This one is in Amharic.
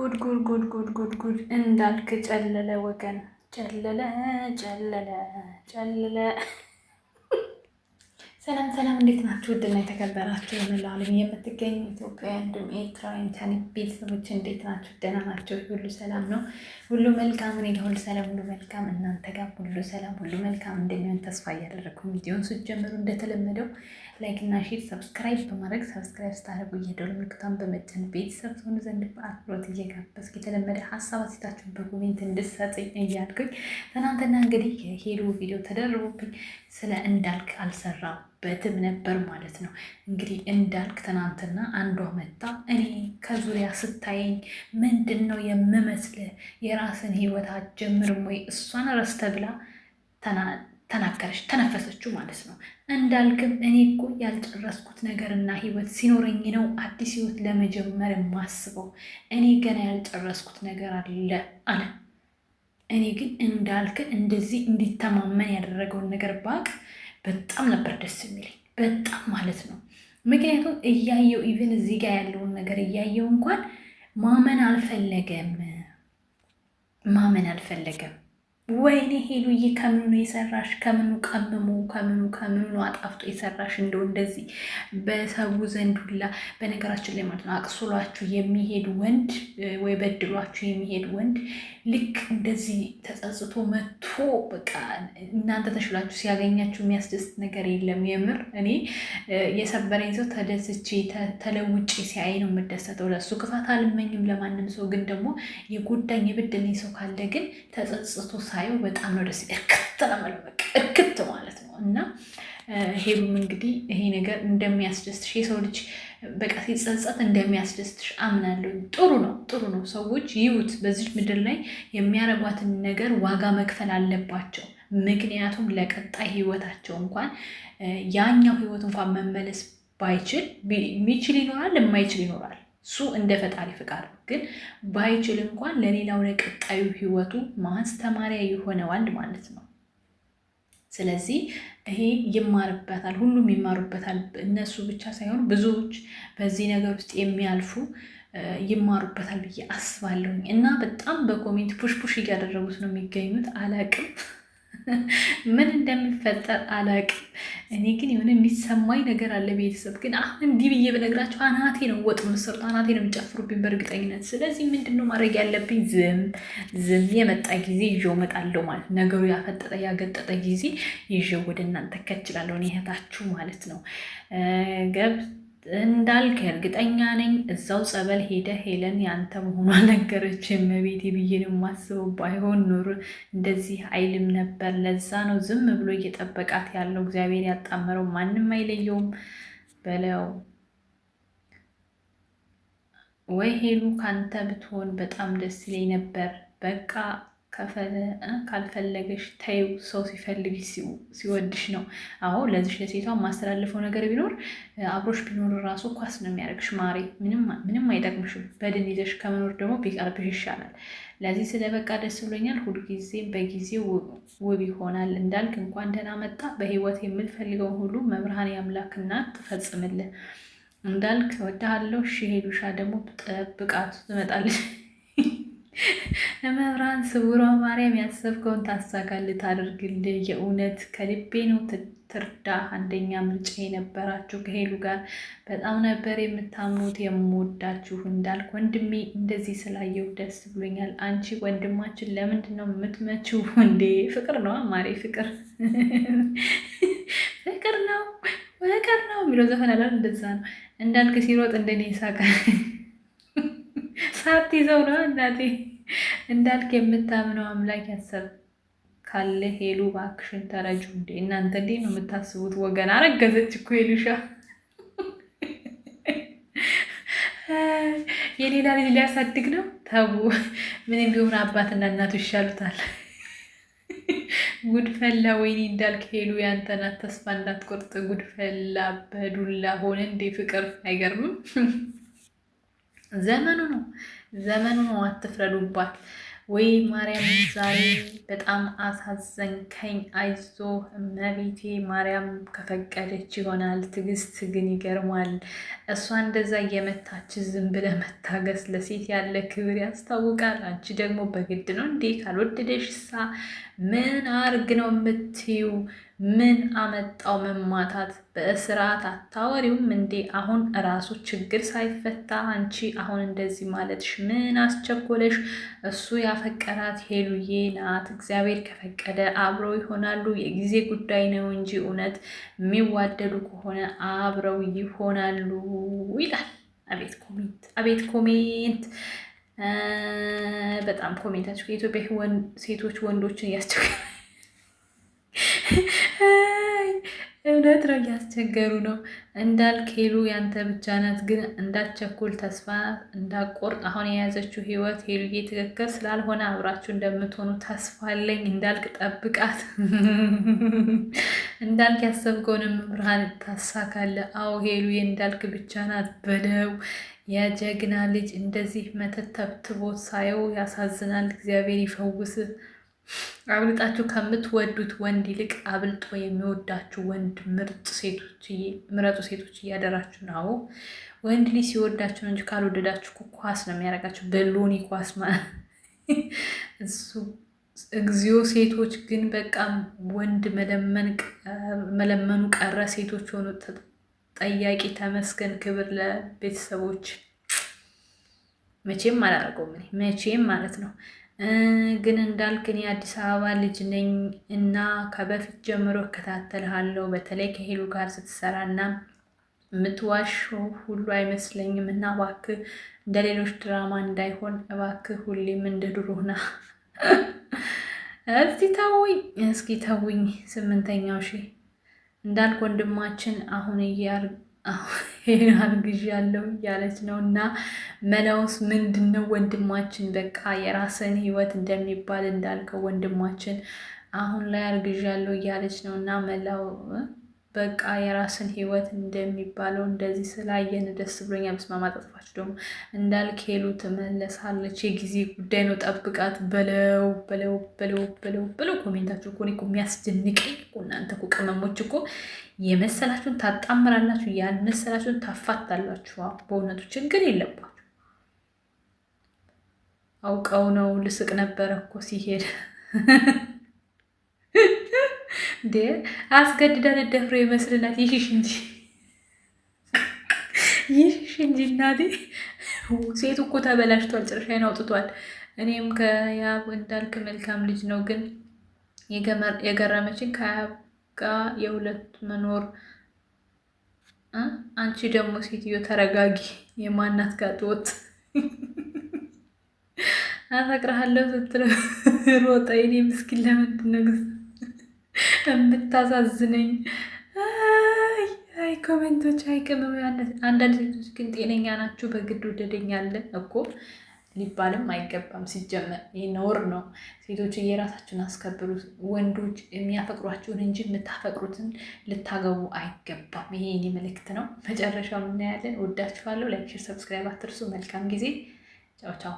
ጉድ ጉድ ጉድ ጉድ ጉድ ጉድ እንዳልክ ጨለለ ወገን ጨለለ ጨለለ ጨለለ ሰላም ሰላም፣ እንዴት ናችሁ? ውድና የተከበራችሁ የመላው ዓለም የምትገኙ ኢትዮጵያውያን እንዲሁም ኤርትራውያን ቻናል ቤተሰቦች እንዴት ናችሁ? ደህና ናቸው? ሁሉ ሰላም ነው፣ ሁሉ መልካም። እኔ ጋር ሁሉ ሰላም፣ ሁሉ መልካም። እናንተ ጋር ሁሉ ሰላም፣ ሁሉ መልካም እንደሚሆን ተስፋ እያደረግኩ ቪዲዮን ስትጀምሩ እንደተለመደው ላይክ እና ሼር፣ ሰብስክራይብ በማድረግ ሰብስክራይብ ስታደርጉ እየደወል ምልክቷን በመጫን ቤተሰብ ሆኑ ዘንድ በአክብሮት እየጋበዝኩ የተለመደ ሀሳብ አስተያየታችሁን በኮሜንት እንድትሰጡኝ እያልኩኝ ትናንትና እንግዲህ የሄዱ ቪዲዮ ተደርቦብኝ ስለ እንዳልክ አልሰራም በትም ነበር ማለት ነው። እንግዲህ እንዳልክ ትናንትና አንዷ መጣ፣ እኔ ከዙሪያ ስታየኝ ምንድን ነው የምመስል? የራስን ህይወት አትጀምርም ወይ? እሷን ረስተ ብላ ተናገረች፣ ተነፈሰችው ማለት ነው። እንዳልክም እኔ እኮ ያልጨረስኩት ነገርና ህይወት ሲኖረኝ ነው አዲስ ህይወት ለመጀመር የማስበው። እኔ ገና ያልጨረስኩት ነገር አለ አለ። እኔ ግን እንዳልክ እንደዚህ እንዲተማመን ያደረገውን ነገር ባቅ በጣም ነበር ደስ የሚለኝ በጣም ማለት ነው። ምክንያቱም እያየው ኢቨን እዚህ ጋር ያለውን ነገር እያየው እንኳን ማመን አልፈለገም ማመን አልፈለገም። ወይኔ ሄሉዬ ከምኑ የሰራሽ? ከምኑ ቀምሙ ከምኑ ከምኑ ነው አጣፍጦ የሰራሽ? እንደው እንደዚህ በሰቡ ዘንድ ሁላ በነገራችን ላይ ማለት ነው አቅሱሏችሁ የሚሄድ ወንድ ወይ በድሏችሁ የሚሄድ ወንድ ልክ እንደዚህ ተጸጽቶ መጥቶ በቃ እናንተ ተሽላችሁ ሲያገኛችሁ የሚያስደስት ነገር የለም። የምር እኔ የሰበረኝ ሰው ተደስቼ ተለውጬ ሲያይ ነው የምደሰተው። ለሱ ክፋት አልመኝም ለማንም ሰው። ግን ደግሞ የጎዳኝ የበደለኝ ሰው ካለ ግን ተጸጽቶ ሳየው በጣም ነው ደስ እርክት ለመለው በቃ እርክት ማለት ነው። እና ይሄም እንግዲህ ይሄ ነገር እንደሚያስደስትሽ የሰው ልጅ በቃ ሲጸጸት እንደሚያስደስትሽ አምናለሁ። ጥሩ ነው፣ ጥሩ ነው። ሰዎች ይዩት። በዚህ ምድር ላይ የሚያረጓትን ነገር ዋጋ መክፈል አለባቸው። ምክንያቱም ለቀጣይ ህይወታቸው እንኳን ያኛው ህይወት እንኳን መመለስ ባይችል የሚችል ይኖራል፣ የማይችል ይኖራል። እሱ እንደ ፈጣሪ ፍቃድ ነው። ግን ባይችል እንኳን ለሌላው ለቀጣዩ ህይወቱ ማስተማሪያ የሆነ ወንድ ማለት ነው። ስለዚህ ይሄ ይማርበታል፣ ሁሉም ይማሩበታል። እነሱ ብቻ ሳይሆን ብዙዎች በዚህ ነገር ውስጥ የሚያልፉ ይማሩበታል ብዬ አስባለሁኝ እና በጣም በኮሜንት ፑሽፑሽ እያደረጉት ነው የሚገኙት አላቅም ምን እንደሚፈጠር አላቅም። እኔ ግን የሆነ የሚሰማኝ ነገር አለ። ቤተሰብ ግን አሁን እንዲህ ብዬ በነግራቸው አናቴ ነው ወጥ የምትሰሩት፣ አናቴ ነው የሚጨፍሩብኝ በእርግጠኝነት። ስለዚህ ምንድን ነው ማድረግ ያለብኝ? ዝም ዝም የመጣ ጊዜ ይዤው እመጣለሁ ማለት ነገሩ ያፈጠጠ ያገጠጠ ጊዜ ይዤው ወደ እናንተ ከችላለሁ እህታችሁ ማለት ነው ገብ እንዳልክ እርግጠኛ ነኝ እዛው ጸበል ሄደ ሄለን ያንተ መሆኗ ነገረች። መቤቴ ብዬ ነው የማስበው። ባይሆን ኑር እንደዚህ አይልም ነበር። ለዛ ነው ዝም ብሎ እየጠበቃት ያለው። እግዚአብሔር ያጣመረው ማንም አይለየውም በለው። ወይ ሄሉ ካንተ ብትሆን በጣም ደስ ይለኝ ነበር። በቃ ካልፈለገሽ ተይው። ሰው ሲፈልግ ሲወድሽ ነው። አዎ ለዚሽ ለሴቷ ማስተላልፈው ነገር ቢኖር አብሮሽ ቢኖር ራሱ ኳስ ነው የሚያደርግሽ ማሬ፣ ምንም አይጠቅምሽም። በድን ይዘሽ ከመኖር ደግሞ ቢቀርብሽ ይሻላል። ለዚህ ስለበቃ ደስ ብሎኛል። ሁልጊዜ በጊዜ ውብ ይሆናል እንዳልክ እንኳን ደህና መጣ። በህይወት የምትፈልገውን ሁሉ መብርሃን የአምላክ እናት ትፈጽምልህ። እንዳልክ ወዳሃለው ሽሄዱሻ ደግሞ ብቃቱ ትመጣለች። መብራን ስውሯ ማርያም ያሰብከውን ታሳካል ታደርግልህ። የእውነት ከልቤ ነው ትርዳ። አንደኛ ምርጫ የነበራችሁ ከሄሉ ጋር በጣም ነበር የምታምኑት። የምወዳችሁ እንዳልክ ወንድሜ እንደዚህ ስላየው ደስ ብሎኛል። አንቺ ወንድማችን ለምንድን ነው የምትመችው? እንዴ ፍቅር ነው ማሬ፣ ፍቅር ፍቅር ነው ፍቅር ነው የሚለው ዘፈን አላል። እንደዛ ነው እንዳልክ ሲሮጥ እንደኔ ይሳቃል። ሳትይዘው ነው እናቴ እንዳልክ የምታምነው አምላክ ያሰብ ካለ ሄሉ ባክሽን ተረጁ። እንዴ እናንተ እንዴ ነው የምታስቡት? ወገን አረገዘች እኮ ሄሉሻ የሌላ ልጅ ሊያሳድግ ነው። ተቡ ምን ቢሆን አባትና እናቱ ይሻሉታል። ጉድፈላ ወይኔ እንዳልክ ሄሉ ያንተ ተስፋ እንዳትቆርጥ ጉድፈላ በዱላ ሆነ እንዴ ፍቅር አይገርምም? ዘመኑ ነው ዘመኑ ነው። አትፍረዱባት። ወይ ማርያም ዛሬ በጣም አሳዘንከኝ። አይዞ እመቤቴ ማርያም ከፈቀደች ይሆናል። ትዕግስት ግን ይገርማል። እሷ እንደዛ እየመታች ዝም ብለ መታገስ ለሴት ያለ ክብር ያስታውቃል። አንቺ ደግሞ በግድ ነው እንዴ? ካልወደደሽ ሳ ምን አርግ ነው የምትዩ? ምን አመጣው መማታት? በስርዓት አታወሪውም እንዴ? አሁን እራሱ ችግር ሳይፈታ አንቺ አሁን እንደዚህ ማለትሽ ምን አስቸኮለሽ? እሱ ያፈቀራት ሄሉዬ ናት። እግዚአብሔር ከፈቀደ አብረው ይሆናሉ። የጊዜ ጉዳይ ነው እንጂ እውነት የሚዋደዱ ከሆነ አብረው ይሆናሉ ይላል። አቤት ኮሜንት! አቤት ኮሜንት! በጣም ኮሜንታችሁ ከኢትዮጵያ ሴቶች ወንዶችን እያስቸገረ እውነት ነው፣ እያስቸገሩ ነው። እንዳልኬሉ ያንተ ብቻ ናት፣ ግን እንዳትቸኩል፣ ተስፋ እንዳቆርጥ። አሁን የያዘችው ህይወት ሄሉዬ ትክክል ስላልሆነ አብራችሁ እንደምትሆኑ ተስፋ አለኝ። እንዳልክ ጠብቃት። እንዳልክ ያሰብከውንም ብርሃን ታሳካለ። አዎ ሄሉ እንዳልክ ብቻ ናት በለው። የጀግና ልጅ እንደዚህ መተተብትቦት ሳየው ያሳዝናል። እግዚአብሔር ይፈውስ። አብልጣችሁ ከምትወዱት ወንድ ይልቅ አብልጦ የሚወዳችሁ ወንድ ምረጡ። ሴቶች እያደራችሁ ነው። ወንድ ልጅ ሲወዳችሁ ነው እንጂ ካልወደዳችሁ ኳስ ነው የሚያደርጋችሁ፣ በሎኒ ኳስ ማለት እሱ። እግዚኦ! ሴቶች ግን በቃ ወንድ መለመኑ ቀረ። ሴቶች ሆኑ ጠያቂ። ተመስገን። ክብር ለቤተሰቦች። መቼም አላደርገውም መቼም ማለት ነው። ግን እንዳልክ እኔ አዲስ አበባ ልጅ ነኝ እና ከበፊት ጀምሮ እከታተልሃለሁ። በተለይ ከሄሉ ጋር ስትሰራ እና የምትዋሸው ሁሉ አይመስለኝም እና እባክህ እንደ ሌሎች ድራማ እንዳይሆን እባክህ ሁሌም እንደ ድሮና እስቲ ተውኝ፣ እስኪ ተውኝ። ስምንተኛው ሺ እንዳልክ ወንድማችን አሁን እያር ይሄን ያለው እያለች ነው። እና መላውስ ምንድን ነው ወንድማችን በቃ የራስን ህይወት እንደሚባል እንዳልከው ወንድማችን አሁን ላይ አርግዣለሁ እያለች ነው እና መላው በቃ የራስን ህይወት እንደሚባለው እንደዚህ ስላየን ደስ ብሎኛ። በስመ አብ ደግሞ እንዳልክ ሄሉ ትመለሳለች። የጊዜ ጉዳይ ነው፣ ጠብቃት በለው በለው በለው በለው በለው። ኮሜንታችሁ እኮ እኔ እኮ የሚያስደንቀኝ እናንተ እኮ ቅመሞች እኮ የመሰላችሁን ታጣምራላችሁ፣ ያልመሰላችሁን ታፋታላችሁ። በእውነቱ ችግር የለባችሁ። አውቀው ነው ልስቅ ነበረ እኮ ሲሄድ እንዴ አስገድዳን ደፍሮ ይመስልናት ይሽሽ እንጂ ይሽሽ እንጂ እናቴ ሴቱ እኮ ተበላሽቷል፣ ጭርሻይን አውጥቷል። እኔም ከያብ እንዳልክ መልካም ልጅ ነው፣ ግን የገረመችን ከያብ ጋር የሁለት መኖር አንቺ ደግሞ ሴትዮ ተረጋጊ። የማናት ጋጥወት አፈቅርሃለሁ ስትለው ሮጠ። እኔ ምስኪን ለምንድን ነው የምታሳዝነኝ። አይ ኮሜንቶች፣ አይ ቅመም። አንዳንድ ሴቶች ግን ጤነኛ ናችሁ፣ በግድ ወደደኛለን እኮ ሊባልም አይገባም። ሲጀመር ይህ ነውር ነው። ሴቶች የራሳችሁን አስከብሩ። ወንዶች የሚያፈቅሯችሁን እንጂ የምታፈቅሩትን ልታገቡ አይገባም። ይሄ የኔ መልእክት ነው። መጨረሻው እናያለን። ወዳችኋለሁ። ላይክ፣ ሼር፣ ሰብስክራይብ አትርሱ። መልካም ጊዜ። ቻው ቻው።